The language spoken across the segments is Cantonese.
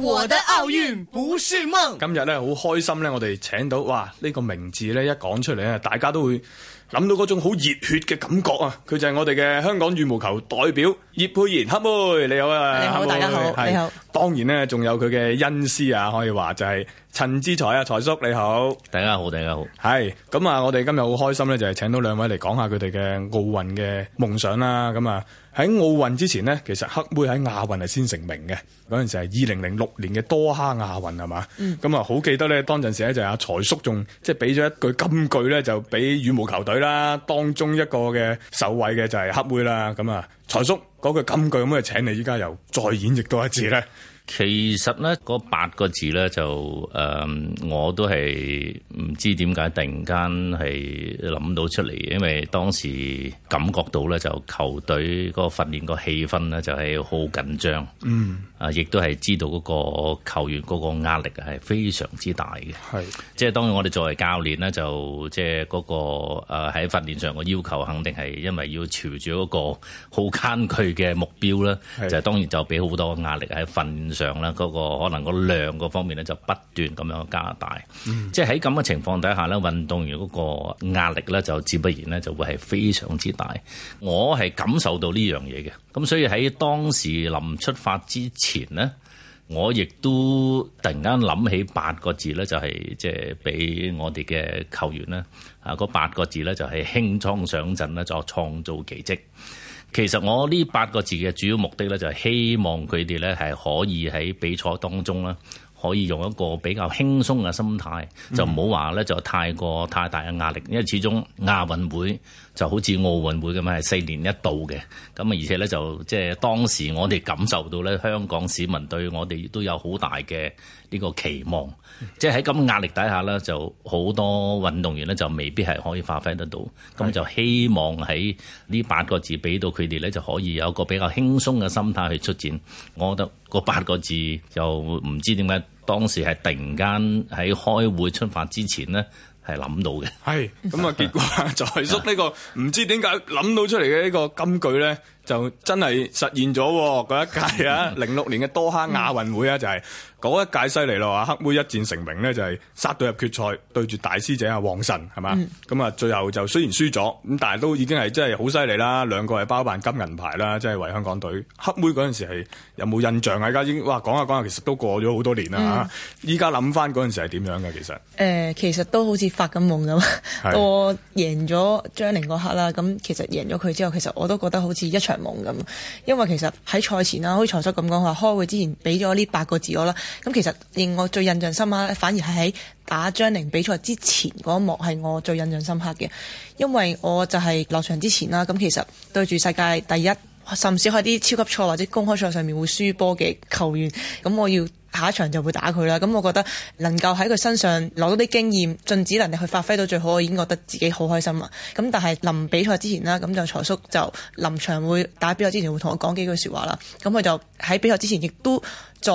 我的奧運不是夢。今日咧好開心咧，我哋請到哇呢、這個名字咧一講出嚟咧，大家都會諗到嗰種好熱血嘅感覺啊！佢就係我哋嘅香港羽毛球代表葉姵延，黑妹你好啊！你好，妹大家好，你好。當然咧，仲有佢嘅恩師啊，可以話就係陳志才啊，才叔你好，大家好，大家好。係咁啊，我哋今日好開心咧，就係請到兩位嚟講下佢哋嘅奧運嘅夢想啦。咁啊。喺奧運之前呢，其實黑妹喺亞運係先成名嘅。嗰陣時係二零零六年嘅多哈亞運係嘛，咁啊、嗯嗯、好記得咧，當陣時咧就阿財叔仲即係俾咗一句金句咧，就俾羽毛球隊啦，當中一個嘅首位嘅就係黑妹啦。咁、嗯、啊，財叔嗰句金句，咁就請你依家又再演繹多一次咧？其實咧，八個字咧就誒、呃、我都係唔知點解突然間係諗到出嚟，因為當時感覺到咧就球隊個訓練個氣氛咧就係好緊張，嗯，啊，亦都係知道個球員個壓力係非常之大嘅，係是，即係當然我哋作為教練咧就即係、那個誒喺、呃、訓練上個要求肯定係因為要朝住嗰個好艱巨嘅目標咧，是就係當然就俾好多壓力喺訓上啦，嗰個可能個量嗰方面咧就不斷咁樣加大，嗯、即係喺咁嘅情況底下咧，運動員嗰個壓力咧就自不然咧就會係非常之大。我係感受到呢樣嘢嘅，咁所以喺當時臨出發之前呢，我亦都突然間諗起八個字咧，就係即係俾我哋嘅球員呢，啊嗰八個字咧就係輕裝上陣咧，作創造奇蹟。其實我呢八個字嘅主要目的咧，就係希望佢哋咧係可以喺比賽當中咧，可以用一個比較輕鬆嘅心態，就唔好話咧就太過太大嘅壓力，因為始終亞運會就好似奧運會噉樣，係四年一度嘅。咁啊，而且咧就即係當時我哋感受到咧，香港市民對我哋都有好大嘅呢個期望。即係喺咁壓力底下咧，就好多運動員咧就未必係可以發揮得到，咁是就希望喺呢八個字俾到佢哋咧，就可以有一個比較輕鬆嘅心態去出戰。我覺得嗰八個字就唔知點解當時係突然間喺開會出發之前咧係諗到嘅。係，咁、嗯、啊 結果就係叔呢個唔知點解諗到出嚟嘅呢個金句咧。就真係實現咗嗰一屆啊！零六年嘅多哈亞運會啊，嗯、就係、是，嗰一屆犀利咯！黑妹一戰成名咧，就係殺到入決賽，對住大師姐啊王晨係嘛？咁啊，嗯、最後就雖然輸咗，咁但係都已經係真係好犀利啦！兩、就是、個係包辦金銀牌啦，真、就、係、是、為香港隊。黑妹嗰陣時係有冇印象啊？而家已經哇講下講下，其實都過咗好多年啦吓，依家諗翻嗰陣時係點樣嘅，其實誒、呃、其實都好似發緊夢咁，的 我贏咗張寧嗰刻啦。咁其實贏咗佢之後其實我都覺得好似一場夢咁，因為其實喺賽前啦，好似財叔咁講，佢話開會之前俾咗呢八個字我啦。咁其實令我最印象深刻咧，反而係喺打張寧比賽之前嗰一幕係我最印象深刻嘅，因為我就係落場之前啦。咁其實對住世界第一，甚至喺啲超級賽或者公開賽上面會輸波嘅球員，咁我要。下一場就會打佢啦，咁我覺得能夠喺佢身上攞到啲經驗，盡止能力去發揮到最好，我已經覺得自己好開心啦。咁但係臨比賽之前啦，咁就財叔就臨場會打比賽之前會同我講幾句説話啦。咁佢就喺比賽之前亦都再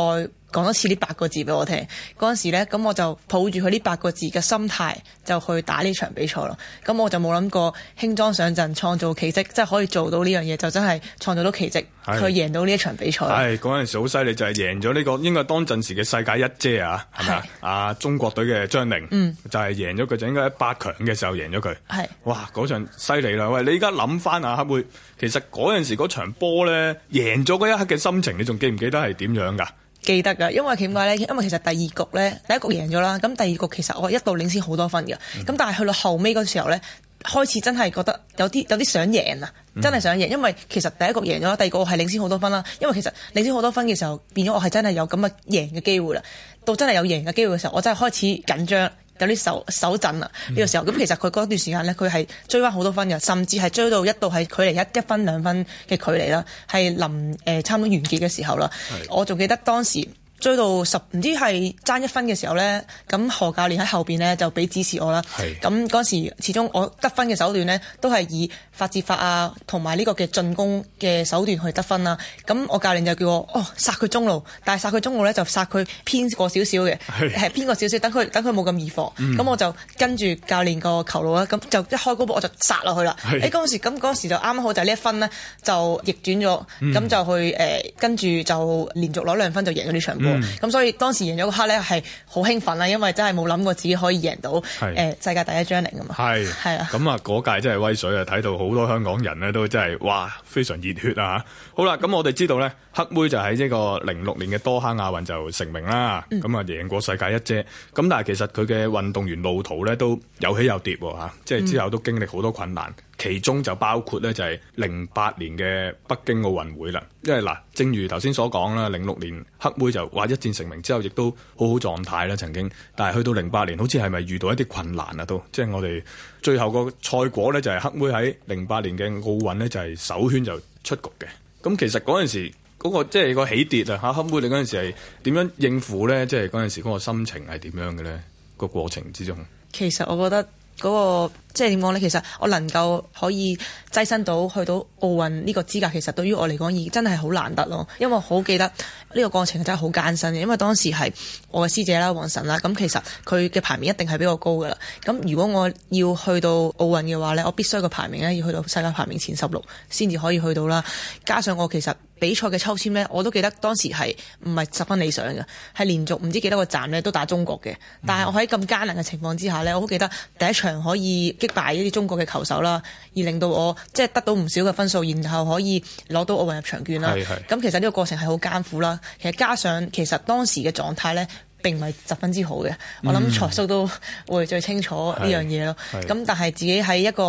講多次呢八個字俾我聽嗰陣時咧，咁我就抱住佢呢八個字嘅心態就去打呢場比賽咯。咁我就冇諗過輕裝上陣創造奇蹟，即係可以做到呢樣嘢，就真係創造到奇蹟，佢贏到呢一場比賽。係嗰陣時好犀利，就係贏咗呢個應該係當陣時嘅世界一姐啊，係咪是啊？中國隊嘅張寧就係贏咗佢，就應該喺八強嘅時候贏咗佢。係是哇，嗰場犀利啦！喂，你而家諗翻啊，黑妹，其實嗰陣時嗰場波咧贏咗嗰一刻嘅心情，你仲記唔記得係點樣噶？記得㗎，因為點解咧？因為其實第二局咧，第一局贏咗啦，咁第二局其實我一度領先好多分嘅，咁、嗯、但係去到後尾嗰時候咧，開始真係覺得有啲有啲想贏啊，真係想贏，因為其實第一局贏咗，第二局我係領先好多分啦，因為其實領先好多分嘅時候，變咗我係真係有咁嘅贏嘅機會啦，到真係有贏嘅機會嘅時候，我真係開始緊張。有啲手手震啊，呢、這個時候，咁其實佢嗰段時間咧，佢係追翻好多分嘅，甚至係追到一度係距離一一分兩分嘅距離啦，係臨誒差唔多完結嘅時候啦，是的 我仲記得當時。追到十，唔知係爭一分嘅時候咧，咁何教練喺後邊咧就俾指示我啦。咁陣是時始終我得分嘅手段咧都係以發接發啊，同埋呢個嘅進攻嘅手段去得分啦。咁我教練就叫我哦殺佢中路，但係殺佢中路咧就殺佢偏過少少嘅，係是偏過少少，等佢等佢冇咁易防。咁、嗯、我就跟住教練個球路啦，咁就一開高波我就殺落去啦。誒嗰是、欸、時咁陣時就啱啱好就係、是、呢一分咧就逆轉咗，咁、嗯、就去誒、呃、跟住就連續攞兩分就贏咗呢場。咁、mm hmm。所以當時贏咗嗰刻咧係好興奮啦，因為真係冇諗過自己可以贏到誒是、呃、世界第一張嚟㗎嘛。係是，係啊是。咁啊，嗰屆真係威水啊！睇到好多香港人咧都真係哇，非常熱血啊嚇。好啦，咁我哋知道咧。黑妹就喺呢個零六年嘅多哈亞運就成名啦，咁啊、嗯、贏過世界一姐咁，但係其實佢嘅運動員路途咧都有起有跌喎，嚇，即係之後都經歷好多困難，嗯、其中就包括咧就係零八年嘅北京奧運會啦。因為嗱，正如頭先所講啦，零六年黑妹就話一戰成名之後，亦都好好狀態啦，曾經。但係去到零八年，好似係咪遇到一啲困難啊？都即係我哋最後個賽果咧，就係黑妹喺零八年嘅奧運咧，就係首圈就出局嘅。咁其實嗰陣時。嗰、嗰個即係個起跌啊！吓黑妹，你嗰陣時係點樣應付咧？即係嗰陣時嗰個心情係點樣嘅咧？嗰個過程之中，其實我覺得嗰、嗰個即係點講咧？其實我能夠可以躋身到去到奧運呢個資格，其實對於我嚟講已真係好難得咯。因為我好記得。呢個過程真係好艱辛嘅，因為當時係我嘅師姐啦、王晨啦，咁其實佢嘅排名一定係比較高嘅啦。咁如果我要去到奧運嘅話呢，我必須個排名呢，要去到世界排名前十六先至可以去到啦。加上我其實比賽嘅抽籤呢，我都記得當時係唔係十分理想嘅，係連續唔知幾多個站呢都打中國嘅。但係我喺咁艱難嘅情況之下呢，我好記得第一場可以擊敗呢啲中國嘅球手啦，而令到我即係得到唔少嘅分數，然後可以攞到奧運入場券啦。咁係係，其實呢個過程係好艱苦啦。其實加上其實當時嘅狀態呢，並唔係十分之好嘅，嗯、我諗財叔都會最清楚呢樣嘢咯。咁但係自己喺一個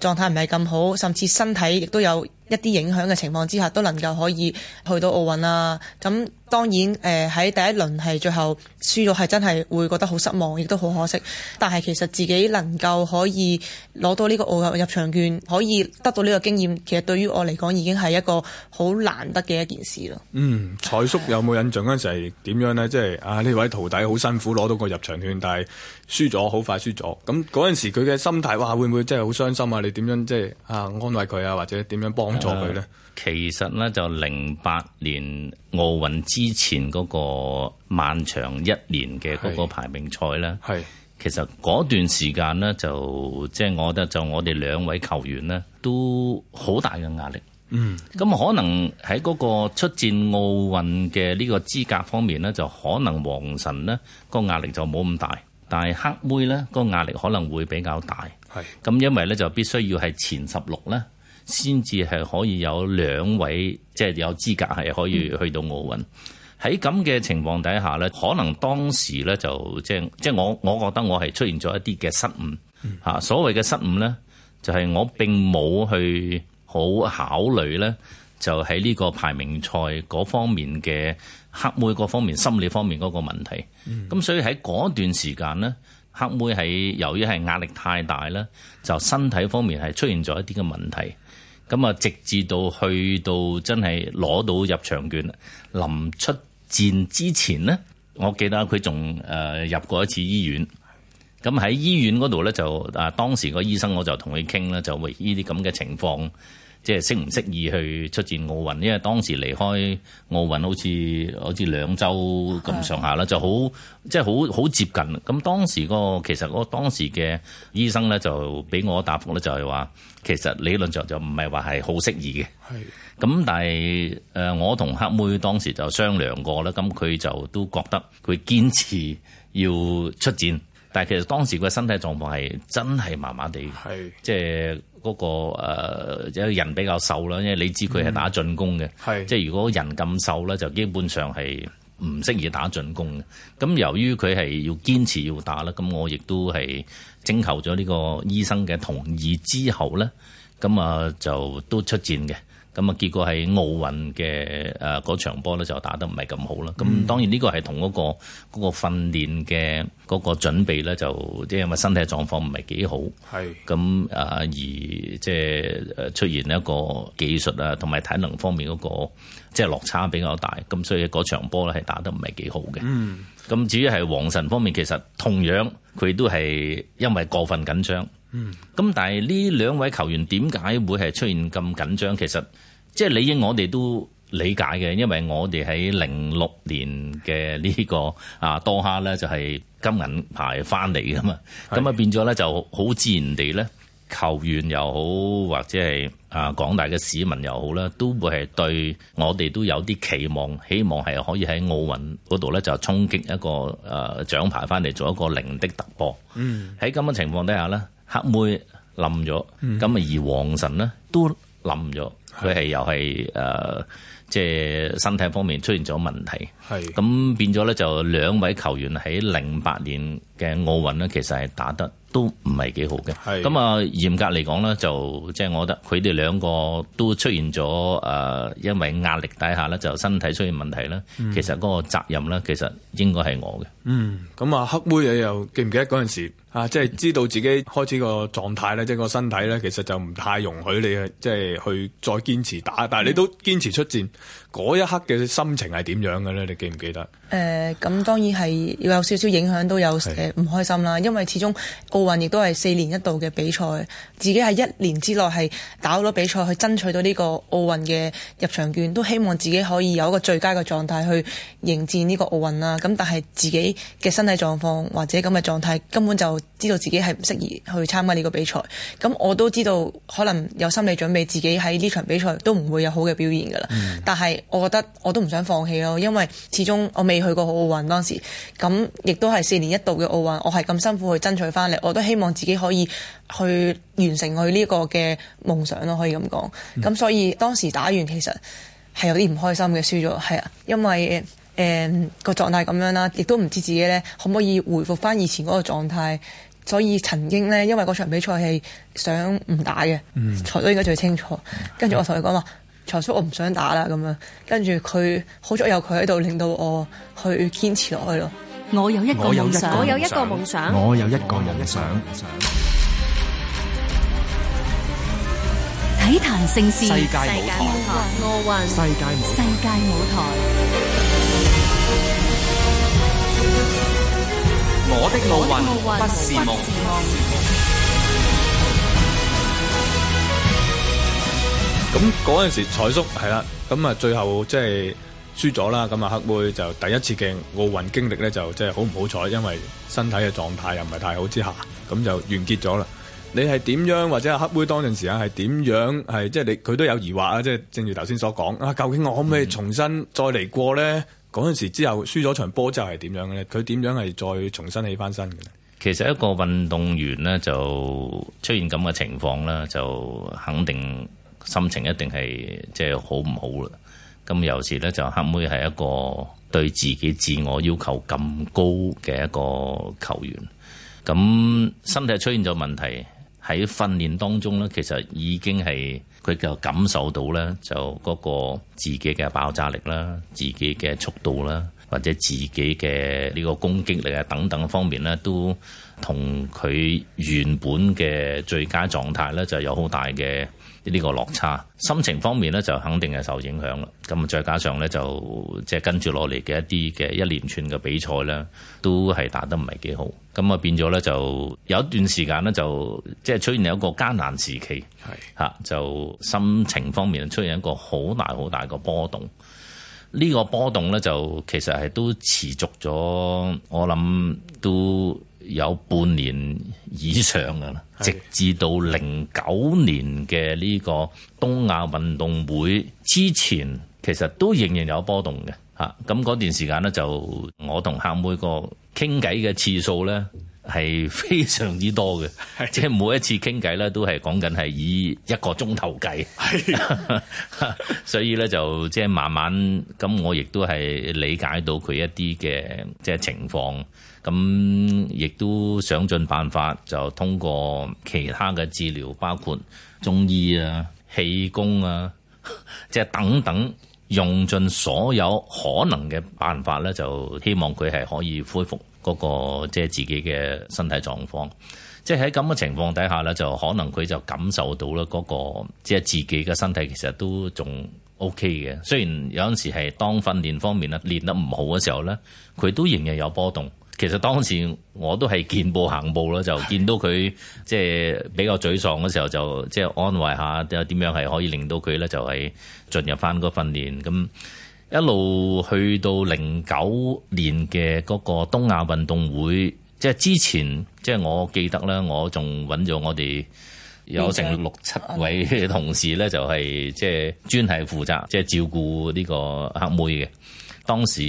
狀態唔係咁好，甚至身體亦都有一啲影響嘅情況之下，都能夠可以去到奧運啦、啊。咁當然誒喺、呃、第一輪係最後輸咗，係真係會覺得好失望，亦都好可惜。但係其實自己能夠可以攞到呢個奧運入場券，可以得到呢個經驗，其實對於我嚟講已經係一個好難得嘅一件事咯。嗯，彩叔有冇印象嗰陣時係點樣呢？即、就、係、是、啊呢位徒弟好辛苦攞到個入場券，但係輸咗，好快輸咗。咁嗰陣時佢嘅心態，哇會唔會真係好傷心、就是、啊？你點樣即係啊安慰佢啊，或者點樣幫佢？呃、其實呢，就零八年奧運之前嗰個漫長一年嘅嗰個排名賽呢，係其實嗰段時間呢，就即係、就係、我覺得就我哋兩位球員呢，都好大嘅壓力。嗯，咁可能喺嗰個出戰奧運嘅呢個資格方面呢，就可能王晨呢、嗰個壓力就冇咁大，但係黑妹呢、嗰個壓力可能會比較大。係咁是，因為呢，就必須要係前十六呢。先至係可以有兩位，即係有資格係可以去到奧運。喺咁嘅情況底下呢，可能當時呢，就即係即係我，我覺得我係出現咗一啲嘅失誤。嚇、嗯，所謂嘅失誤呢，就係我並冇去好考慮呢，就喺呢個排名賽嗰方面嘅黑妹嗰方面心理方面嗰個問題。咁、嗯、所以喺嗰段時間呢，黑妹喺由於係壓力太大啦，就身體方面係出現咗一啲嘅問題。咁啊，直至到去到真係攞到入場券，臨出戰之前呢，我記得佢仲誒入過一次醫院。咁喺醫院嗰度咧，就啊當時個醫生我就同佢傾啦，就喂，呢啲咁嘅情況，即係適唔適宜去出戰奧運？因為當時離開奧運好似好似兩周咁上下啦，就好即係好好接近。咁當時個其實個當時嘅醫生咧，就俾我答覆咧，就係話。其實理論上就唔係話係好適宜嘅，咁係但係誒我同黑妹當時就商量過啦，咁佢就都覺得佢堅持要出戰，但係其實當時佢身體狀況係真係麻麻地，即係嗰個誒、呃，人比較瘦啦，因為你知佢係打進攻嘅，嗯、即係如果人咁瘦咧，就基本上係。唔適宜打進攻嘅，咁由於佢係要堅持要打啦，咁我亦都係徵求咗呢個醫生嘅同意之後咧，咁啊就都出戰嘅。咁啊，結果喺奧運嘅誒嗰場波咧就打得唔係咁好啦。咁當然呢個係同嗰個嗰個訓練嘅嗰個準備咧，就即係因為身體狀況唔係幾好。係咁啊，而即係出現一個技術啊，同埋體能方面嗰個即係、就是、落差比較大。咁所以嗰場波咧係打得唔係幾好嘅。嗯。咁至於係王晨方面，其實同樣佢都係因為過分緊張。嗯，咁但係呢兩位球員點解會係出現咁緊張？其實即係理應我哋都理解嘅，因為我哋喺零六年嘅呢個啊多哈咧就係金銀牌翻嚟噶嘛，咁啊變咗呢，就好自然地呢，球員又好或者係啊廣大嘅市民又好啦，都會係對我哋都有啲期望，希望係可以喺奧運嗰度呢，就衝擊一個誒獎牌翻嚟，做一個零的突破。嗯，喺咁嘅情況底下呢。黑妹冧咗，咁啊而皇神咧都冧咗。佢係又係誒、呃、即係身體方面出現咗問題，係咁是變咗咧，就兩位球員喺零八年嘅奧運咧，其實係打得都唔係幾好嘅。係咁是啊，嚴格嚟講咧，就即係、就是、我覺得佢哋兩個都出現咗誒、呃、因為壓力底下咧就身體出現問題啦，嗯、其實個責任咧，其實應該係我嘅、嗯。嗯，咁啊，黑妹你又記唔記得嗰陣時啊？即、就、係、是、知道自己開始個狀態咧，即、就、係、是、個身體咧，其實就唔太容許你去即係去再。堅持打，但係你都堅持出戰。嗰一刻嘅心情係點樣嘅咧？你記唔記得？誒、呃，咁當然係要有少少影響都有誒唔開心啦。的因為始終奧運亦都係四年一度嘅比賽，自己係一年之內係打咗比賽去爭取到呢個奧運嘅入場券，都希望自己可以有一個最佳嘅狀態去迎戰呢個奧運啦。咁但係自己嘅身體狀況或者咁嘅狀態，根本就知道自己係唔適宜去參加呢個比賽，咁我都知道可能有心理準備，自己喺呢場比賽都唔會有好嘅表現㗎啦。嗯、但係。我覺得我都唔想放棄咯，因為始終我未去過奧運當時，咁亦都係四年一度嘅奧運，我係咁辛苦去爭取翻嚟，我都希望自己可以去完成佢呢個嘅夢想咯，可以咁講。咁、嗯、所以當時打完其實係有啲唔開心嘅，輸咗係啊，因為誒個狀態咁樣啦，亦都唔知自己呢可唔可以回復翻以前嗰個狀態。所以曾經呢，因為嗰場比賽係想唔打嘅，嗯、才都應該最清楚。嗯、跟住我同佢講話。財叔，我唔想打啦，咁樣，跟住佢好在有佢喺度，令到我去堅持落去咯。我有一個夢想，我有一個夢想，有夢想我有一個夢想。體壇盛事，世界舞台，奧運，世界世界舞台。我的奧運不是夢。咁嗰陣時，蔡叔係啦，咁啊最後即係輸咗啦，咁啊黑妹就第一次嘅奧運經歷咧，就即係好唔好彩，因為身體嘅狀態又唔係太好之下，咁就完結咗啦。你係點樣或者係黑妹當陣時啊，係點樣係即係你佢都有疑惑啊，即係正如頭先所講啊，究竟我可唔可以重新再嚟過咧？嗰陣、嗯、時之後輸咗場波就係點樣嘅咧？佢點樣係再重新起翻身嘅咧？其實一個運動員咧就出現咁嘅情況啦，就肯定。心情一定係即係好唔好啦。咁有時咧就黑妹係一個對自己自我要求咁高嘅一個球員。咁身體出現咗問題喺訓練當中咧，其實已經係佢就感受到咧，就嗰個自己嘅爆炸力啦、自己嘅速度啦，或者自己嘅呢個攻擊力啊等等方面咧，都同佢原本嘅最佳狀態咧就有好大嘅，呢個落差，心情方面呢就肯定係受影響啦。咁再加上呢，就即係跟住落嚟嘅一啲嘅一連串嘅比賽呢，都係打得唔係幾好。咁啊變咗呢，就有一段時間呢，就即係出現一個艱難時期，係吓是、啊，就心情方面出現一個好大好大個波動。呢、呢個波動呢，就其實係都持續咗，我諗都，有半年以上嘅啦，直至到零九年嘅呢個東亞運動會之前，其實都仍然有波動嘅嚇。咁嗰段時間呢，就我同契妹個傾偈嘅次數呢，係非常之多嘅。 即係每一次傾偈呢，都係講緊係以一個鐘頭計。 所以呢，就即係慢慢咁，我亦都係理解到佢一啲嘅即係情況。咁亦都想盡辦法，就通過其他嘅治療，包括中醫啊、氣功啊，即 係等等，用盡所有可能嘅辦法咧，就希望佢係可以恢復嗰、那個即係、就是、自己嘅身體狀況。即係喺咁嘅情況底下咧，就可能佢就感受到咧、那、嗰個即係、就是、自己嘅身體，其實都仲 O K 嘅。雖然有陣時係當訓練方面咧練得唔好嘅時候咧，佢都仍然有波動。其實當時我都係見步行步啦，就見到佢的即係比較沮喪嘅時候，就即係安慰下，點樣係可以令到佢咧就係、是、進入翻個訓練。咁一路去到零九年嘅嗰個東亞運動會，即係之前，即係我記得咧，我仲揾咗我哋有成六七位同事咧，就係即係專係負責即係照顧呢個黑妹嘅。當時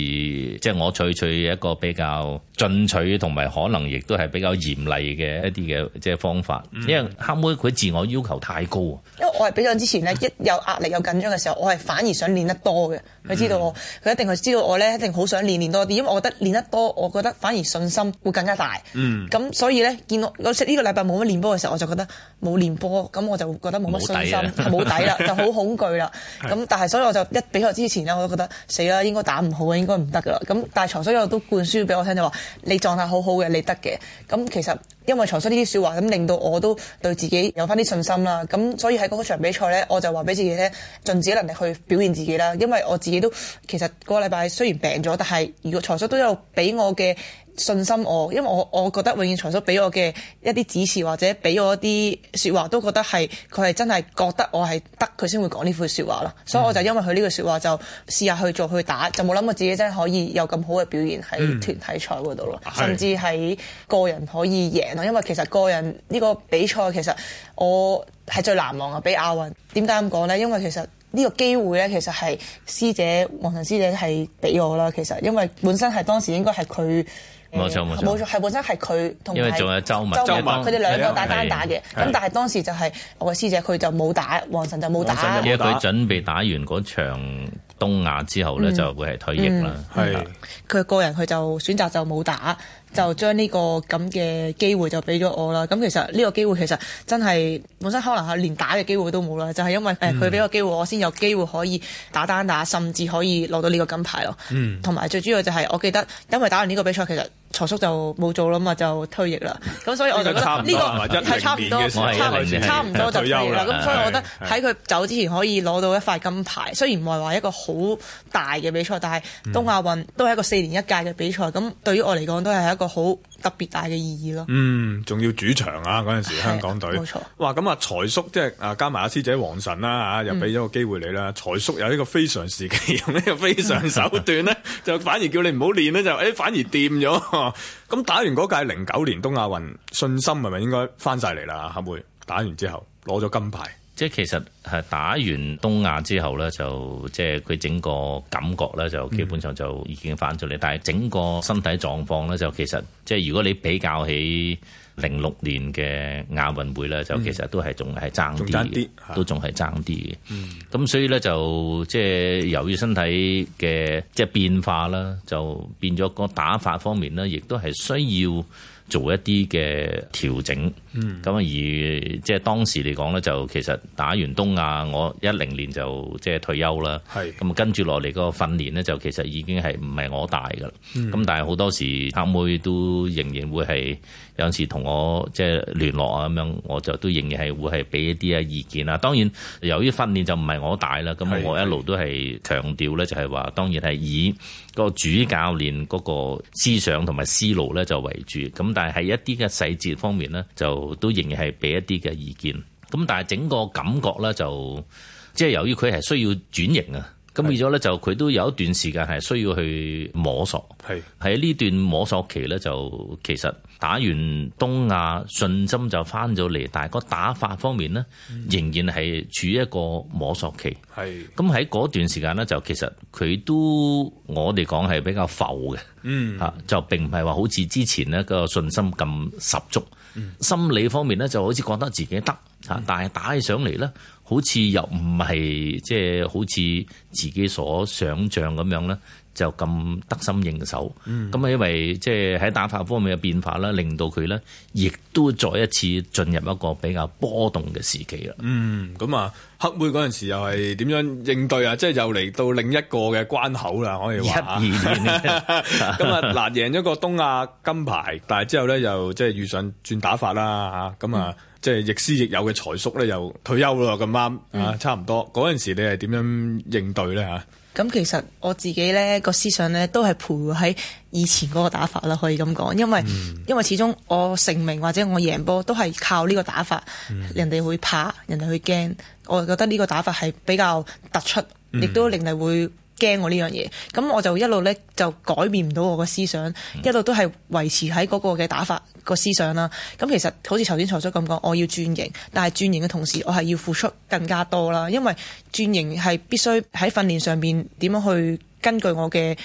即係我採取，取一個比較進取同埋可能亦都係比較嚴厲嘅一啲嘅即係方法，嗯、因為黑妹佢自我要求太高，因為我係比賽之前呢， 一有壓力有緊張嘅時候，我係反而想練得多嘅。佢知道我，佢、嗯、一定係知道我呢，一定好想練練多啲，因為我覺得練得多，我覺得反而信心會更加大。嗯，咁所以呢，見到呢個禮拜冇乜練波嘅時候，我就覺得冇練波，咁我就覺得冇乜信心，冇底啦， 就好恐懼啦。咁但係所以我就一比賽之前呢，我都覺得死啦，應該打。唔好嘅，應該唔得㗎喇，咁但係曹所有都灌輸俾我聽就話你狀態好好嘅，你得嘅，咁其實。因為財叔呢啲説話，咁令到我都對自己有翻啲信心啦。咁所以喺嗰場比賽呢，我就話俾自己咧，盡自己能力去表現自己啦。因為我自己都其實嗰個禮拜雖然病咗，但係如果財叔都有俾我嘅信心我，我因為我我覺得永遠財叔俾我嘅一啲指示或者俾我一啲説話，都覺得係佢係真係覺得我係得佢先會講呢句説話咯。所以我就因為佢呢句説話，就試下去做去打，就冇諗過自己真係可以有咁好嘅表現喺團體賽嗰度咯，mm. 甚至係個人可以贏。因為其實個人呢個比賽其實我係最難忘啊，俾亞運。點解咁講咧？因為其實呢個機會咧，其實係師姐王晨師姐係俾我啦。其實因為本身係當時應該係佢冇錯冇錯冇錯，係本身係佢同因為仲有周文周文佢哋兩個打單打嘅，咁但係當時就係我嘅師姐佢就冇打，王晨就冇打。因為佢準備打完嗰場東亞之後咧，就會係退役啦。係佢個人佢就選擇就冇打。就將呢個咁嘅機會就俾咗我啦。咁其實呢個機會其實真係本身可能係連打嘅機會都冇啦，就係、是、因為誒佢俾個機會、嗯、我先有機會可以打單打，甚至可以攞到呢個金牌咯。嗯，同埋最主要就係、是、我記得，因為打完呢個比賽其實。曹叔就冇做啦嘛，就退役啦。咁 所以我就覺得呢、呢個係差唔多，差唔多，多就係啦。咁、嗯、所以我覺得喺佢走之前可以攞到一塊金牌。雖然唔係話一個好大嘅比賽，但係東亞運都係一個四年一屆嘅比賽。咁、嗯、對於我嚟講都係一個好。特別大嘅意義咯，嗯，仲要主場啊！嗰陣時香港隊，冇錯。哇，咁啊，財叔即係啊，加埋阿師姐王晨啦嚇，又俾咗個機會你啦。嗯、財叔有呢個非常時期用呢個非常手段咧，嗯、 就反而叫你唔好練咧，就誒反而掂咗。咁 打完嗰屆零九年東亞運，信心係咪應該翻晒嚟啦？阿妹打完之後攞咗金牌。即係其實係打完東亞之後咧，就即係佢整個感覺咧，就基本上就已經返咗嚟。嗯、但係整個身體狀況咧，就其實即係如果你比較起零六年嘅亞運會咧，就、嗯、其實都係仲係爭啲，啊、都仲係爭啲。嘅、嗯。咁所以咧就即係由於身體嘅即係變化啦，就變咗個打法方面咧，亦都係需要做一啲嘅調整。嗯，咁啊而即係當時嚟講咧，就其實打完東亞我一零年就即係退休啦。係咁是跟住落嚟個訓練咧，就其實已經係唔係我帶噶啦。咁、嗯、但係好多時阿妹都仍然會係有陣時同我即係聯絡啊咁樣，我就都仍然係會係俾一啲啊意見啊，當然由於訓練就唔係我帶啦，咁我一路都係強調咧，就係話當然係以個主教練個思想同埋思路咧就為主。咁但係一啲嘅細節方面咧就。都仍然係俾一啲嘅意見，咁但係整個感覺咧就，即係由於佢係需要轉型啊，咁變咗咧就佢都有一段時間係需要去摸索，係喺呢段摸索期咧就其實打完東亞信心就返咗嚟，但係個打法方面呢，仍然係處於一個摸索期，係咁喺嗰段時間咧就其實佢都我哋講係比較浮嘅，是的 嗯吓就並唔係話好似之前呢個信心咁十足。嗯、心理方面咧，就好似覺得自己得吓，但係打起上嚟咧，好似又唔係，即係好似自己所想像咁樣咧。就咁得心應手，咁啊、嗯，因為即係喺打法方面嘅變化啦，令到佢咧，亦都再一次進入一個比較波動嘅時期啦。嗯，咁啊，黑妹嗰陣時又係點樣應對啊？即係又嚟到另一個嘅關口啦，可以話。一二年，咁啊，嗱，贏咗個東亞金牌，但係之後咧，又即係遇上轉打法啦，嚇咁啊。嗯即係亦師亦友嘅財叔咧，又退休啦，咁啱啊，嗯、差唔多嗰陣時你係點樣應對咧嚇？咁其實我自己咧個思想咧都係徘徊喺以前嗰個打法啦，可以咁講，因為、嗯、因為始終我成名或者我贏波都係靠呢個打法，嗯、人哋會，人哋會怕，人哋會驚，我覺得呢個打法係比較突出，亦、嗯、都令你會。驚我呢樣嘢，咁我就一路呢，就改變唔到我個思想，一路都係維持喺嗰個嘅打法個思想啦。咁其實好似頭先曹叔咁講，我要轉型，但係轉型嘅同時，我係要付出更加多啦，因為轉型係必須喺訓練上面點樣去根據我嘅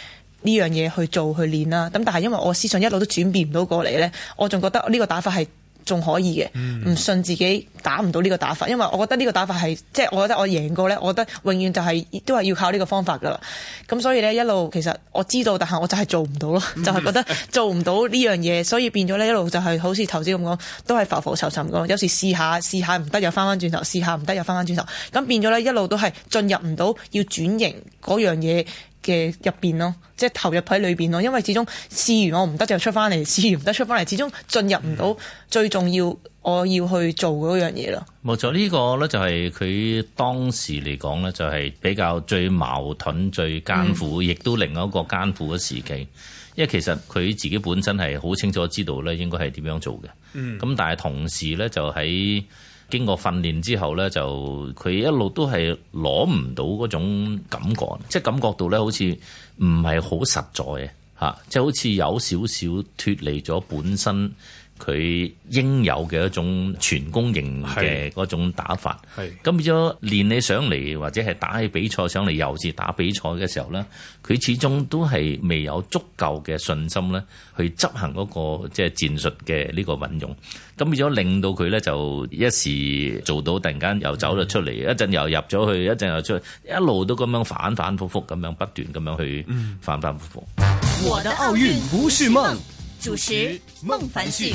呢樣嘢去做去練啦。咁但係因為我思想一路都轉變唔到過嚟呢，我仲覺得呢個打法係。仲可以嘅，唔、嗯、信自己打唔到呢個打法，因為我覺得呢個打法係即係，就是、我覺得我贏過呢，我覺得永遠就係、是、都係要靠呢個方法噶啦。咁所以呢，一路其實我知道，但係我就係做唔到咯，就係、是、覺得做唔到呢樣嘢， 所以變咗呢，一路就係、是、好似頭先咁講，都係浮浮沉沉噉。有時試下試下唔得，又翻翻轉頭，試下唔得，又翻翻轉頭。咁變咗呢，一路都係進入唔到要轉型嗰樣嘢嘅入邊咯，即係投入喺裏邊咯，因為始終試完我唔得就出翻嚟，試完唔得出翻嚟，始終進入唔到最重要我要去做嗰樣嘢咯。冇、嗯、錯，呢、呢個呢就係佢當時嚟講呢，就係比較最矛盾、最艱苦，亦、嗯、都另一個艱苦嘅時期。因為其實佢自己本身係好清楚知道呢應該係點樣做嘅。嗯，咁但係同時呢，就喺。經過訓練之後呢，就佢一路都係攞唔到嗰種感覺，即係感覺到呢好似唔係好實在嘅嚇，即係好似有少少脱離咗本身。佢應有嘅一種全攻型嘅嗰種打法，咁變咗練起上嚟，或者係打起比賽上嚟，尤其是打比賽嘅時候咧，佢始終都係未有足夠嘅信心咧，去執行嗰、嗰個即係戰術嘅呢個運用。咁變咗令到佢咧就一時做到，突然間又走咗出嚟，嗯、一陣又入咗去，一陣又出去，一路都咁樣反反覆覆咁樣不斷咁樣去反反覆覆。我的奧運不是夢。 主持孟凡旭。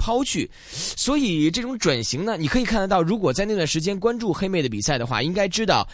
拋去，所以這種轉型呢，你可以看得到，如果在那段時間關注黑妹的比賽的話，應該知道，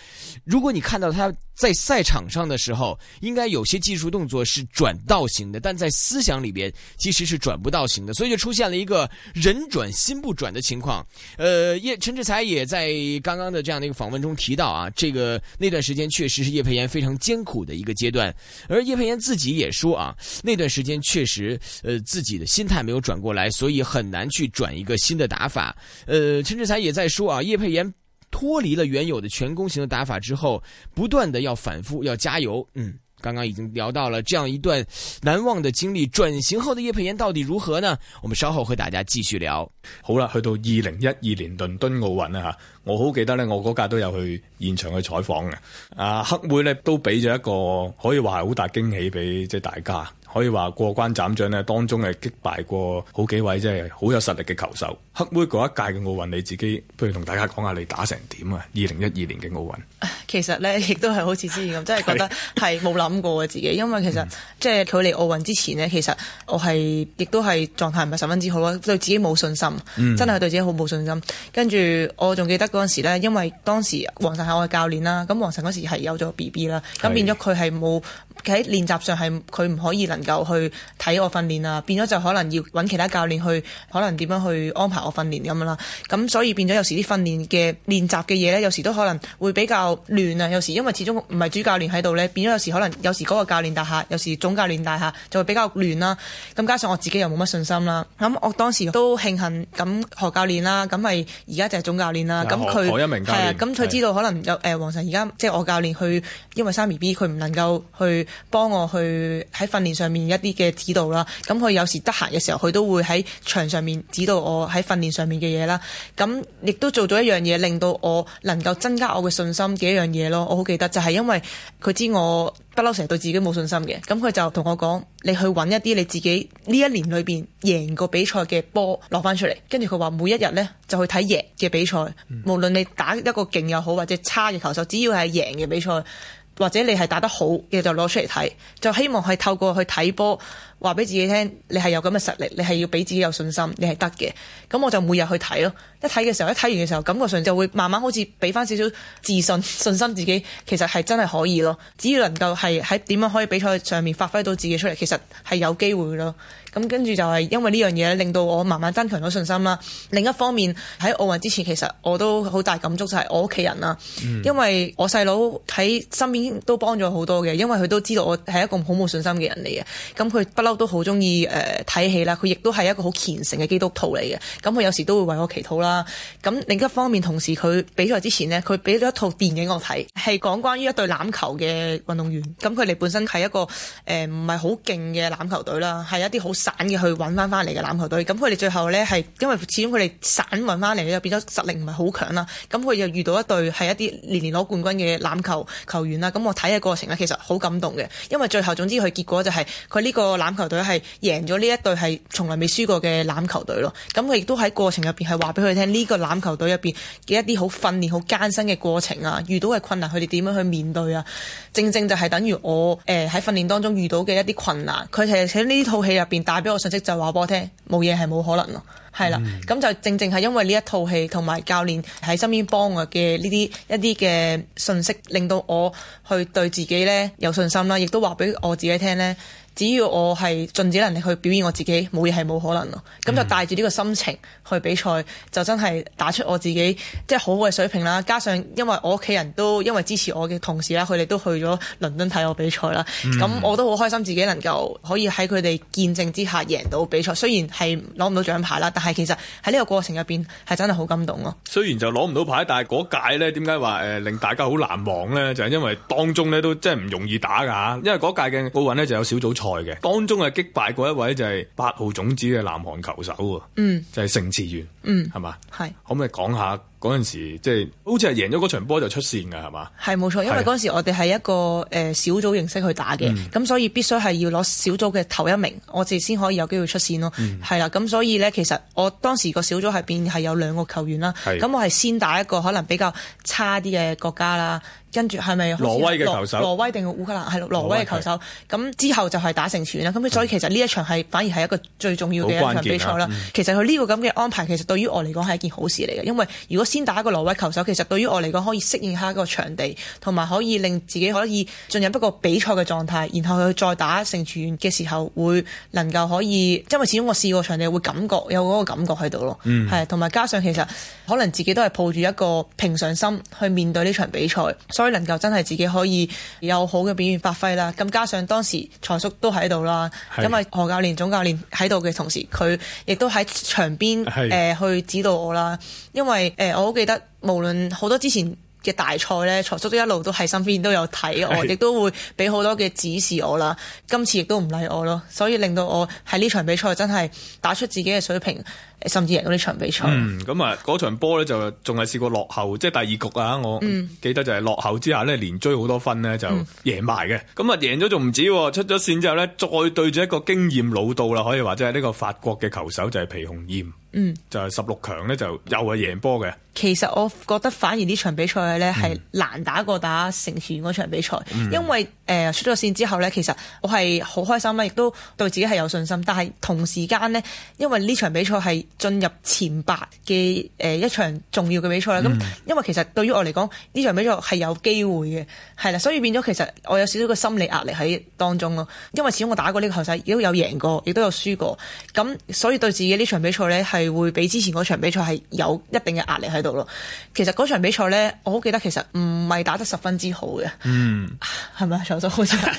如果你看到她在賽場上的時候，應該有些技術動作是轉到型的，但在思想裏邊其實是轉不到型的，所以就出現了一個人轉心不轉的情況。呃，葉陳志才也在剛剛的這樣的一個訪問中提到啊，這個那段時間確實是葉姵延非常艱苦的一個階段，而葉姵延自己也說啊，那段時間確實，呃，自己的心態沒有轉過來，所以很。很難去轉一個新的打法。呃，陳志才也在說啊，葉姵延脫離了原有的全攻型的打法之後，不斷的要反覆要加油。嗯，剛剛已經聊到了這樣一段難忘的經歷。轉型後的葉姵延到底如何呢？我們稍後和大家繼續聊。好啦，去到二零一二年倫敦奧運啊。我好記得咧，我嗰屆都有去現場去採訪嘅。啊，黑妹呢都俾咗一個可以話係好大驚喜俾即係大家。可以話過關斬將咧，當中係擊敗過好幾位即係好有實力嘅球手。黑妹嗰一屆嘅奧運，你自己不如同大家講下你打成點啊？二零一二年嘅奧運，其實咧亦都係好似之前咁，真係 是覺得係冇諗過嘅自己，因為其實、嗯、即係距離奧運之前呢，其實我係亦都係狀態唔係十分之好啊，對自己冇信心，嗯、真係對自己好冇信心。跟住我仲記得嗰陣時咧，因為當時王晨係我嘅教練啦，咁王晨嗰時係有咗 B B 啦，咁變咗佢係冇喺練習上係佢唔可以能夠去睇我訓練啊，變咗就可能要揾其他教練去，可能點樣去安排。訓練咁樣啦，咁所以變咗有時啲訓練嘅練習嘅嘢呢，有時都可能會比較亂啊。有時因為始終唔係主教練喺度呢，變咗有時可能有時嗰個教練大廈，有時總教練大廈，就會比較亂啦。咁加上我自己又冇乜信心啦。咁我當時都慶幸咁何教練啦，咁咪而家就係總教練啦。咁佢係啊，咁佢知道可能有誒黃晨而家即係我教練去，因為生 B B 佢唔能夠去幫我去喺訓練上面一啲嘅指導啦。咁佢有時得閒嘅時候，佢都會喺場上面指導我喺訓。年上面嘅嘢啦，咁亦都做咗一樣嘢，令到我能夠增加我嘅信心嘅一樣嘢咯。我好記得就係因為佢知我不嬲成日對自己冇信心嘅，咁佢就同我講：你去揾一啲你自己呢一年裏邊贏過比賽嘅波攞翻出嚟，跟住佢話每一日咧就去睇贏嘅比賽，無論你打一個勁又好或者差嘅球手，只要係贏嘅比賽或者你係打得好嘅就攞出嚟睇，就希望係透過去睇波。話俾自己聽，你係有咁嘅實力，你係要俾自己有信心，你係得嘅。咁我就每日去睇咯，一睇嘅時候，一睇完嘅時候，感覺上就會慢慢好似俾翻少少自信、 信心自己，其實係真係可以咯。只要能夠係喺點樣可以比賽上面發揮到自己出嚟，其實係有機會咯。咁跟住就係因為呢樣嘢令到我慢慢增強咗信心啦。另一方面喺奧運之前，其實我都好大感觸就係、是、我屋企人啦，嗯、因為我細佬喺身邊都幫咗好多嘅，因為佢都知道我係一個好冇信心嘅人嚟嘅，咁佢都好中意誒睇戲啦，佢亦都係一個好虔誠嘅基督徒嚟嘅，咁佢有時都會為我祈禱啦。咁另一方面，同時佢比賽之前呢，佢俾咗一套電影我睇，係講關於一隊欖球嘅運動員。咁佢哋本身係一個誒唔係好勁嘅欖球隊啦，係一啲好散嘅去揾翻翻嚟嘅欖球隊。咁佢哋最後呢，係因為始終佢哋散揾翻嚟，就變咗實力唔係好強啦。咁佢又遇到一隊係一啲年年攞冠軍嘅欖球球員啦。咁我睇嘅過程呢，其實好感動嘅，因為最後總之佢結果就係佢呢個欖。球隊係贏咗呢一隊係從來未輸過嘅欖球隊咯。咁佢亦都喺過程入邊係話俾佢聽呢個欖球隊入邊嘅一啲好訓練好艱辛嘅過程啊，遇到嘅困難，佢哋點樣去面對啊？正正就係等於我誒喺訓練當中遇到嘅一啲困難，佢係喺呢套戲入邊帶俾我信息，就話俾我聽冇嘢係冇可能咯。係啦，咁、嗯、就正正係因為呢一套戲同埋教練喺身邊幫我嘅呢啲一啲嘅信息，令到我去對自己呢有信心啦，亦都話俾我自己聽呢。只要我係盡自己能力去表現我自己，冇嘢係冇可能咯。咁就帶住呢個心情去比賽，嗯、就真係打出我自己即係好好嘅水平啦。加上因為我屋企人都因為支持我嘅同時啦，佢哋都去咗倫敦睇我比賽啦。咁、嗯、我都好開心自己能夠可以喺佢哋見證之下贏到比賽，雖然係攞唔到獎牌啦，但係其實喺呢個過程入邊係真係好感動咯。雖然就攞唔到牌，但係嗰屆咧點解話誒令大家好難忘咧？就係、是、因為當中咧都真係唔容易打噶，因為嗰屆嘅奧運咧就有小組賽。內當中係擊敗過一位就係八號種子嘅南韓球手，嗯，就係成池鉉，嗯，係嘛吧，係是可唔可以講下嗰陣時即係、就是、好似係贏咗嗰場波就出線噶係嘛？係冇錯，因為嗰陣時我哋係一個誒、呃、小組形式去打嘅，咁、啊、所以必須係要攞小組嘅頭一名，我哋先可以有機會出線咯。係啦、嗯、咁、啊、所以呢，其實我當時個小組係邊係有兩個球員啦，咁是我係先打一個可能比較差啲嘅國家啦。跟住係咪挪威嘅球手？挪威定烏克蘭，係挪威嘅球手。咁之後就係打成池鉉啦。咁所以其實呢一場係、嗯、反而係一個最重要嘅一場比賽啦。啊嗯、其實佢呢個咁嘅安排，其實對於我嚟講係一件好事嚟嘅。因為如果先打一個挪威球手，其實對於我嚟講可以適應一下一個場地，同埋可以令自己可以進入一個比賽嘅狀態，然後佢再打成池鉉嘅時候，會能夠可以，因為始終我試過場地會感覺有嗰個感覺喺度咯。係、嗯，同埋加上其實可能自己都係抱住一個平常心去面對呢場比賽。都能夠真係自己可以有好嘅表現發揮啦，咁加上當時財叔都喺度啦，是因為何教練、總教練喺度嘅同時，佢亦都喺場邊誒是、呃、去指導我啦。因為誒、呃，我好記得無論好多之前嘅大賽咧，財叔都一路都喺身邊都有睇我，亦是都會俾好多嘅指示我啦。今次亦都唔例外咯，所以令到我喺呢場比賽真係打出自己嘅水平。甚至贏到呢場比賽，嗯，咁啊，嗰場波呢就仲係試過落後，即係第二局啊，我記得就係落後之下咧，嗯、連追好多分呢，就贏埋嘅，咁啊贏咗仲唔止，出咗線之後呢，再對住一個經驗老道啦，可以話即係呢個法國嘅球手就係皮紅艷，嗯，就係十六強呢，就又係贏波嘅。其實我覺得反而呢場比賽呢係、嗯、難打過打成全嗰場比賽，嗯、因為誒、呃、出咗線之後呢，其實我係好開心啦，亦都對自己係有信心，但係同時間呢，因為呢場比賽係，進入前八嘅，誒一場重要嘅比賽啦，咁、嗯、因為其實對於我嚟講呢場比賽係有機會嘅，係啦，所以變咗其實我有少少個心理壓力喺當中咯。因為始終我打過呢個球賽，亦都有贏過，亦都有輸過，咁所以對自己呢場比賽咧係會比之前嗰場比賽係有一定嘅壓力喺度咯。其實嗰場比賽咧，我好記得其實唔係打得十分之好嘅，係咪啊？嘈到好似好，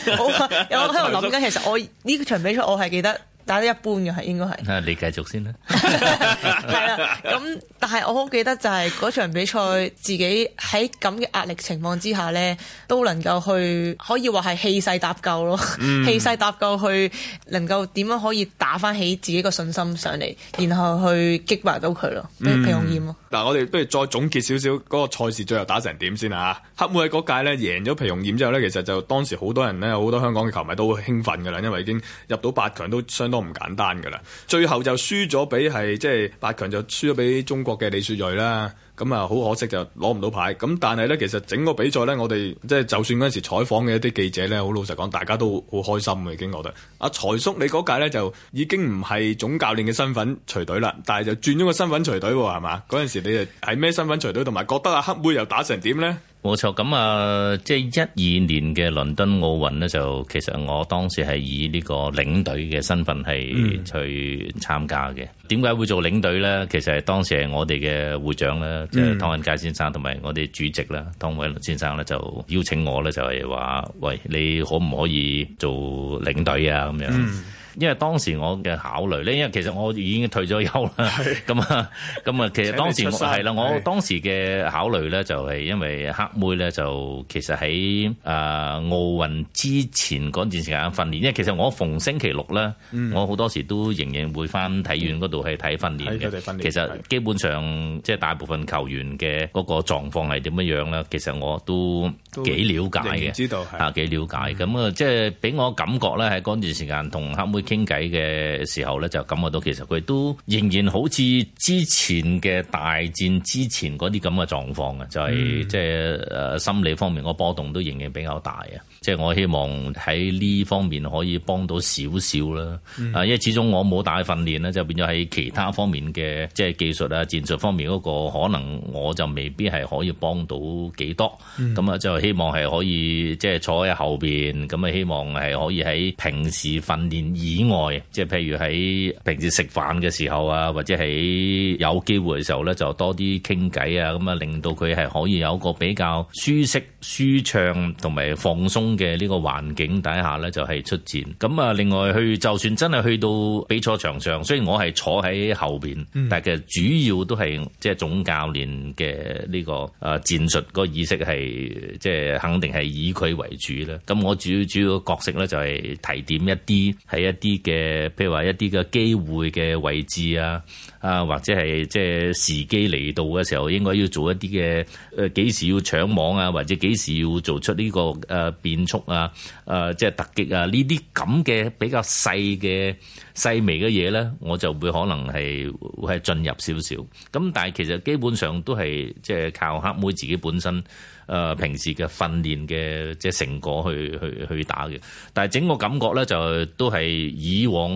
有我喺度諗緊，其實我呢場比賽我係記得。打得一般嘅，係應該係、啊，你繼續先啦，係 啦， 咁但係我好記得就係、係、嗰場比賽，自己喺咁嘅壓力情況之下呢，都能夠去可以話係氣勢搭救咯，嗯、氣勢搭救去能夠點樣可以打返起自己個信心上嚟，然後去激發到佢咯，平庸厭咯。嗯嗱，我哋不如再總結少少嗰個賽事最後打成點先啊？黑妹嗰屆咧贏咗皮紅艷之後咧，其實就當時好多人咧，好多香港嘅球迷都興奮㗎喇，因為已經入到八強都相當唔簡單㗎喇。最後就輸咗俾係即係八強就輸咗俾中國嘅李雪芮啦。咁啊，好可惜就攞唔到牌。咁但係呢，其實整個比賽呢，我哋即係就算嗰陣時採訪嘅一啲記者呢，好老實講，大家都好開心嘅。已經覺得阿財叔你嗰屆呢就已經唔係總教練嘅身份隨隊啦，但係就轉咗個身份隨隊喎，係嘛？嗰陣時你就係咩身份隨隊，同埋覺得阿黑妹又打成點呢？冇錯，咁啊，即係一二年嘅倫敦奧運呢，就其實我當時係以呢個領隊嘅身份係去參加嘅。點解？嗯、會做領隊呢？其實係當時係我哋嘅會長咧，即係湯恩佳先生同埋我哋主席咧，湯偉倫先生咧就邀請我咧，就係、是、話，喂，你可唔可以做領隊啊？咁樣。嗯因為當時我嘅考慮咧，因為其實我已經退咗休啦，咁啊，咁啊，其實當時係啦，我當時嘅考慮咧就係因為黑妹咧就其實喺誒奧運之前嗰段時間訓練，因為其實我逢星期六咧，我好多時都仍然會翻體院嗰度去睇訓練嘅。其實基本上即係大部分球員嘅嗰個狀況係點樣樣咧，其實我都幾瞭解嘅，知道係啊幾瞭解。咁啊，即係俾我感覺咧，喺嗰段時間同黑妹，傾偈嘅時候咧，就感覺到其實佢都仍然好似之前嘅大戰之前嗰啲咁嘅狀況嘅，就係即係誒心理方面個波動都仍然比較大啊！即、就、係、是、我希望喺呢方面可以幫到少少啦。啊、嗯，因為始終我冇大訓練咧，就變咗喺其他方面嘅即係技術啊、戰術方面嗰、那個可能我就未必係可以幫到幾多。咁啊、嗯，就希望係可以即係、就是、坐喺後邊，咁啊希望係可以喺平時訓練以。以外，即係譬如喺平時食飯嘅時候啊，或者喺有機會嘅時候咧，就多啲傾偈啊，咁啊，令到佢係可以有一個比較舒適舒暢同埋放鬆嘅呢個環境底下呢，就係出戰。咁啊，另外去就算真係去到比賽場上，雖然我係坐喺後邊，但係其實主要都係即係總教練嘅呢個啊戰術個意識係即係肯定係以佢為主啦。咁我主要主要角色呢，就係提點一啲喺一啲嘅譬如話一啲嘅機會嘅位置啊。啊，或者係即係時機嚟到嘅時候，應該要做一啲嘅誒，幾時要搶網啊，或者幾時要做出呢個誒變速啊、誒、呃、即係突擊啊呢啲咁嘅比較細嘅細微嘅嘢咧，我就會可能係會係進入少少。咁但係其實基本上都係即係靠黑妹自己本身。誒、呃、平時嘅訓練嘅即係成果去去去打嘅，但係整個感覺咧就都係以往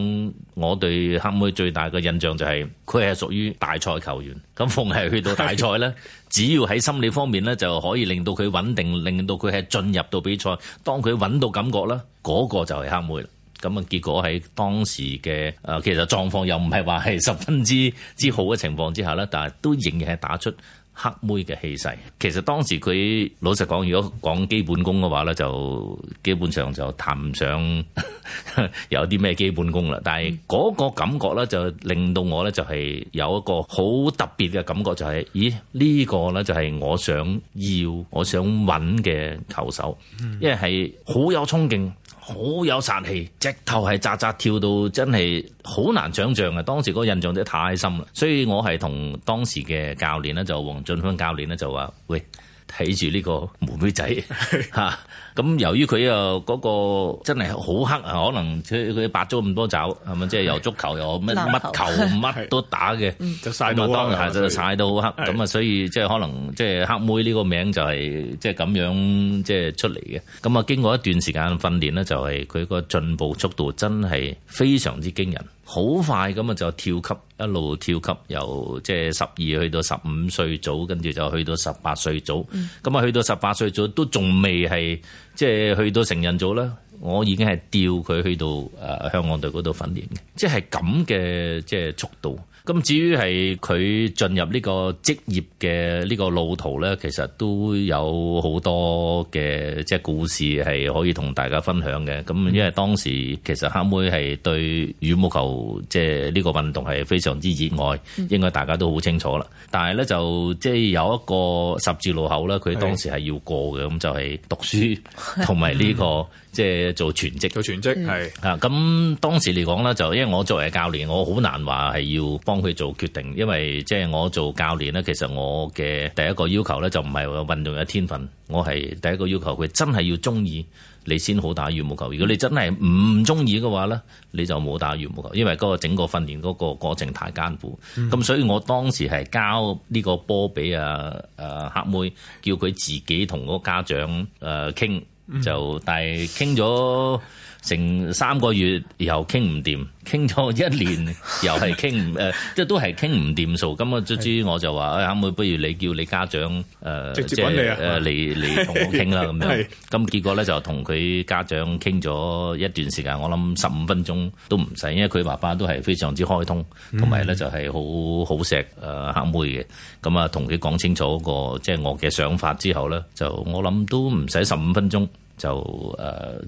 我對黑妹最大嘅印象就係佢係屬於大賽球員。咁逢係去到大賽咧， 只要喺心理方面咧就可以令到佢穩定，令到佢係進入到比賽。當佢揾到感覺啦，嗰、那個就係黑妹啦。咁啊結果喺當時嘅誒、呃、其實狀況又唔係話係十分之之好嘅情況之下呢，但係都仍然係打出。黑妹嘅氣勢，其實當時佢老實講，如果講基本功嘅話咧，就基本上就談唔上 有啲咩基本功啦。但係嗰個感覺咧，就令到我咧就係有一個好特別嘅感覺，就係、係，咦呢、呢個咧就係我想要、我想揾嘅球手，因為係好有衝勁。好有殺氣，直頭係扎扎跳到真係好難想像呀，當時嗰印象真係太深啦。所以我係同當時嘅教練呢，就黃俊芬教練呢，就話喂。睇住呢個妹妹仔嚇，咁 由於佢又嗰個真係好黑啊，可能佢佢白咗咁多爪，係咪 即係又足球又乜乜球乜都打嘅，就曬到、啊、當然係就曬到好黑，咁啊 所以即係可能即係黑妹呢個名就係即係咁樣即係出嚟嘅。咁啊經過一段時間訓練呢，就係佢個進步速度真係非常之驚人。好快咁啊就跳級，一路跳級，由即係十二去到十五歲組，跟住就去到十八歲組。咁啊、嗯、去到十八歲組都仲未係，即係去到成人組啦。我已經係調佢去到誒香港隊嗰度訓練嘅，即係咁嘅即係速度。咁至於係佢進入呢個職業嘅呢個路途咧，其實都有好多嘅即係故事係可以同大家分享嘅。咁因為當時其實黑妹係對羽毛球即係呢個運動係非常之熱愛，應該大家都好清楚啦。但係咧就即係有一個十字路口啦，佢當時係要過嘅，咁的就係讀書同埋呢個。是的 即係做全職，做全職係、嗯、啊！咁當時嚟講呢，就因為我作為教練，我好難話係要幫佢做決定，因為即係我做教練呢，其實我嘅第一個要求呢，就唔係運動嘅天分，我係第一個要求佢真係要中意你先好打羽毛球。如果你真係唔中意嘅話呢，你就冇打羽毛球，因為嗰個整個訓練嗰個過程太艱苦。咁、嗯、所以我當時係交呢個波畀啊，誒、啊、黑妹叫佢自己同嗰個家長誒傾。啊。就但係傾咗。成三個月又傾唔掂，傾咗一年又係傾唔誒，即係、 呃、都係傾唔掂數。咁啊，卒之我就話：阿、 哎、妹，不如你叫你家長誒，直接誒嚟嚟同我傾啦咁樣。咁結果咧就同佢家長傾咗一段時間，我諗十五分鐘都唔使，因為佢爸爸都係非常之開通，同埋咧就係好好錫誒阿妹嘅。咁啊，同佢講清楚個即係我嘅想法之後咧，就我諗都唔使十五分鐘。就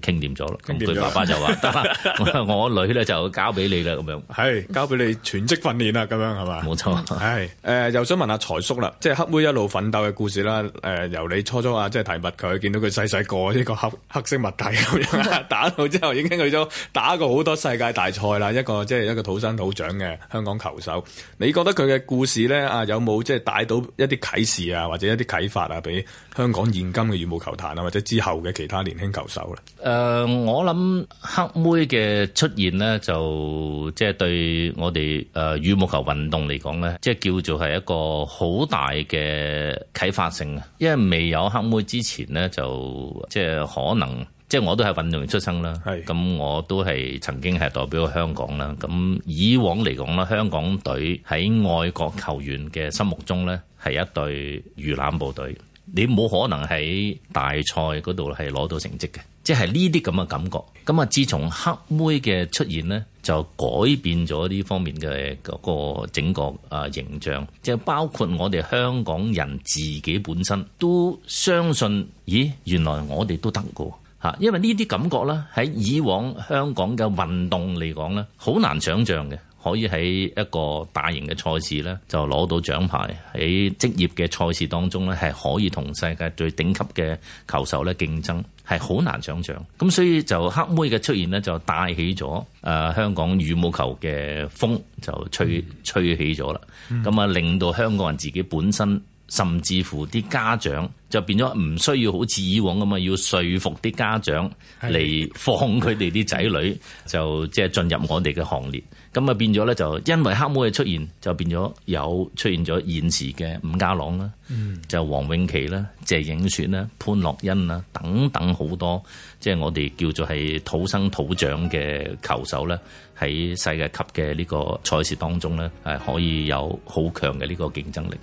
誒傾掂咗啦，咁、呃、佢爸爸就話： 我女咧就交俾你啦，咁樣。係 交俾你全職訓練啦，咁樣係嘛？冇錯，係誒、 哎呃，又想問下財叔啦，即係黑妹一路奮鬥嘅故事啦。誒、呃，由你初初啊，即係提拔佢，見到佢細細個一個黑黑色物體咁樣打到之後，已經去咗打過好多世界大賽啦。一個即係、就是、一個土生土長嘅香港球手，你覺得佢嘅故事咧啊，有冇即係帶到一啲啟示啊，或者一啲啟發啊，俾香港現今嘅羽毛球壇啊，或者之後嘅其他？年輕球手啦，誒、呃，我諗黑妹嘅出現呢，就即係、就是、對我哋誒、呃、羽毛球運動嚟講呢，即、就、係、是、叫做係一個好大嘅啟發性啊！因為未有黑妹之前呢，就即係、就是、可能，即、就、係、是、我都係運動員出身啦，咁是我都係曾經係代表香港啦。咁以往嚟講啦，香港隊喺外國球員嘅心目中呢，係一隊魚腩部隊。你冇可能喺大賽嗰度係攞到成績嘅，即係呢啲咁嘅感覺。咁啊，自從黑妹嘅出現呢，就改變咗呢方面嘅嗰個整個啊形象，即係包括我哋香港人自己本身都相信，咦，原來我哋都得㗎吓，因為呢啲感覺呢，喺以往香港嘅運動嚟講呢，好難想像嘅。可以喺一個大型嘅賽事呢，就攞到獎牌；喺職業嘅賽事當中呢，係可以同世界最頂級嘅球手呢競爭，係好難想像。咁所以就黑妹嘅出現呢，就帶起咗誒、呃、香港羽毛球嘅風，就吹吹起咗啦。咁、嗯、啊，令到香港人自己本身，甚至乎啲家長。就變咗唔需要好似以往咁啊，要說服啲家長嚟放佢哋啲仔女是的 就即係進入我哋嘅行列。咁啊變咗咧就因為黑妹嘅出現，就變咗有出現咗現時嘅伍家朗啦、嗯，就黃永琪啦、謝影雪啦、潘樂恩啦等等好多，即係我哋叫做係土生土長嘅球手咧，喺世界級嘅呢個賽事當中咧，係可以有好強嘅呢個競爭力。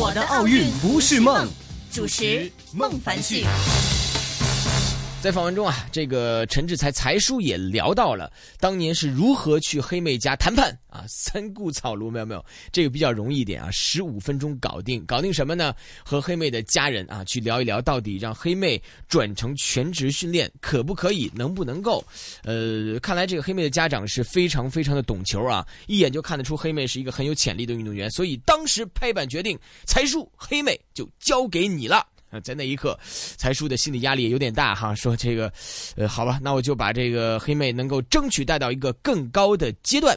我的奧運不是夢。主持孟凡旭。在訪問中啊，這個陳志才才叔也聊到了當年是如何去黑妹家談判啊，三顧草廬，沒有沒有，這個比較容易一點啊，十五分鐘搞定，搞定什麼呢？和黑妹的家人啊去聊一聊，到底讓黑妹轉成全職訓練可不可以，能不能夠？呃，看來這個黑妹的家長是非常非常的懂球啊，一眼就看得出黑妹是一個很有潛力的運動員，所以當時拍板決定，才叔黑妹就交給你了。啊，在那一刻，財叔的心理壓力也有點大哈，說這個，呃，好吧，那我就把這個黑妹能夠爭取帶到一個更高的階段。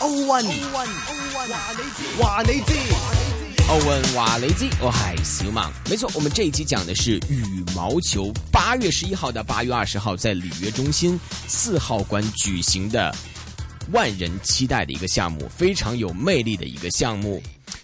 奧運，華里茲，奧運華里茲華奧運華里茲。哦嗨，小孟，沒錯，我們這一期講的是羽毛球，八月十一號到八月二十號在里約中心四號館舉行的萬人期待的一個項目，非常有魅力的一個項目。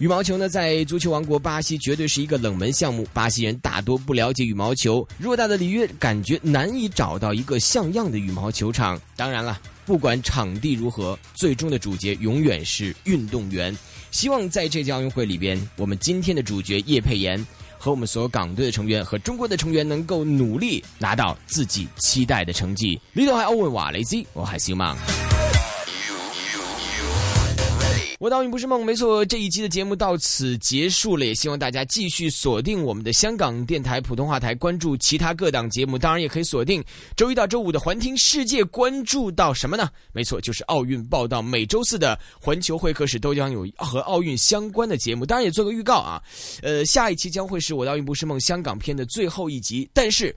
羽毛球呢，在足球王國巴西絕對是一個冷門項目，巴西人大多不了解羽毛球。偌大的里約，感覺難以找到一個像樣的羽毛球場。當然了，不管場地如何，最終的主角永遠是運動員。希望在這屆奧運會裏邊，我們今天的主角葉姵延和我們所有港隊的成員和中國的成員，能夠努力拿到自己期待的成績。里都係歐文瓦雷西，我係行嗎？我的奧運不是夢，沒錯，這一期的節目到此結束了，也希望大家繼續鎖定我們的香港電台普通話台，關注其他各檔節目，當然也可以鎖定周一到周五的環聽世界，關注到什麼呢？沒錯，就是奧運報道，每周四的環球會客室都將有和奧運相關的節目，當然也做個預告啊，呃，下一期將會是我的奧運不是夢香港篇的最後一集，但是。